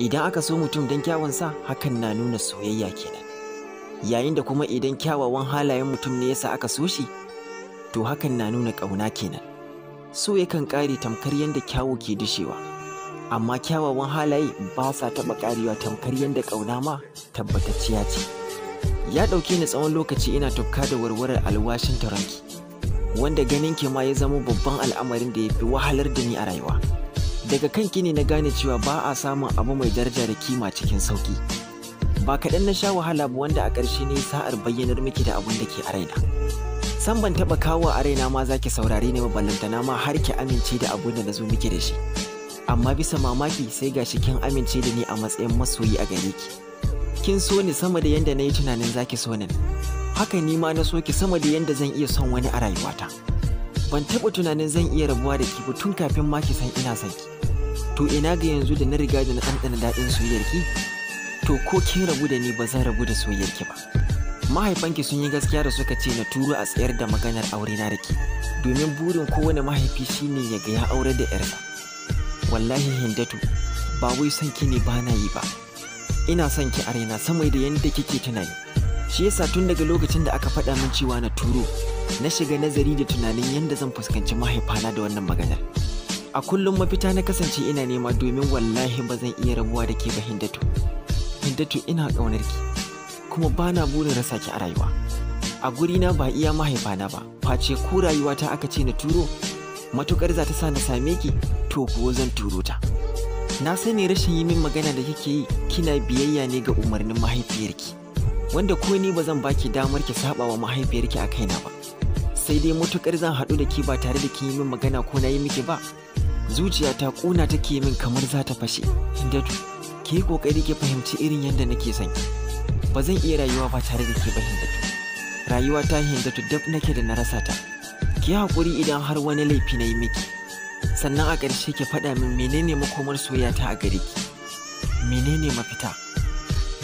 idan aka so mutum don kyawunsa hakan na nuna soyayya kenan yayin da kuma idan kyawawan halayen mutum ne yasa aka so shi to hakan na nuna ƙauna kenan so yakan ƙare tamkar yadda kyawu ke dushewa amma kyawawan halaye ba sa taɓa ƙarewa tamkar yadda ƙauna ma tabbatacciya ce ya ɗauke ni tsawon lokaci ina tafka da warwarar alwashin taronki wanda ganin ke ma ya zama babban al'amarin da ya fi wahalar da ni a rayuwa daga kan gini na gane cewa ba a samun abu mai daraja da kima cikin sauki ba kaɗan na sha wahala ba wanda a ƙarshe ne sa'ar bayyanar miki da abin da ke a raina san ban taɓa kawo a raina ma zaki saurare ni ballantana ma har ki amince da abin da na zo miki da shi amma bisa mamaki sai gashi kin amince da ni a matsayin masoyi a gare ki kin so ni sama da yanda na yi tunanin zaki so ni haka ni ma na so ki sama da yanda zan iya son wani a rayuwata ban taɓa tunanin zan iya rabuwa da ki ba tun kafin ma ki san ina son ki to ina ga yanzu da na riga da na ɗanɗana daɗin soyayyarki to ko kin rabu da ni ba zan rabu da soyayyarki ba mahaifanki sun yi gaskiya da suka ce na turo a tsayar da maganar aure na rike domin burin kowane mahaifi shine ya ga ya aure da yarsa wallahi hindatu ba wai son ki ne ba na yi ba ina son ki arena sama da yanda kike tunani shi yasa tun daga lokacin da aka faɗa min cewa na turo na shiga nazari da tunanin yadda zan fuskanci mahaifana da wannan maganar a kullum mafita na kasance ina nema domin wallahi ba zan iya rabuwa da ke ba hindatu hindatu ina ƙaunar ki kuma bana na burin rasa ki a rayuwa a gurina ba iya mahaifana ba face ko rayuwa ta aka ce na turo matukar za ta sa na same ki to kuwa zan turo ta na sani rashin yi min magana da kike yi kina biyayya ne ga umarnin mahaifiyarki wanda ko ni ba zan baki damar ki saba wa mahaifiyarki a kaina ba sai dai matukar zan haɗu da ke ba tare da kin yi min magana ko na yi miki ba zuciya ta ƙuna ta take min kamar za ta fashe hindatu ki yi ƙoƙari ki fahimci irin yadda nake son ki ba zan iya rayuwa ba tare da ke ba hindatu rayuwa ta hindatu dab nake da na rasa ta ki haƙuri idan har wani laifi na yi miki sannan a ƙarshe ki faɗa min menene makomar ta a gare ki menene mafita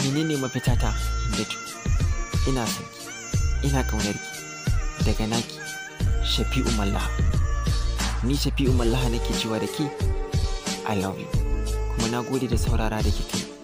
menene mafita ta hindatu ina son ina ƙaunar ki daga naki shafi'u mallaha ni shafi'u mallaha nake cewa da ke i love you kuma na gode da saurara da ke tuni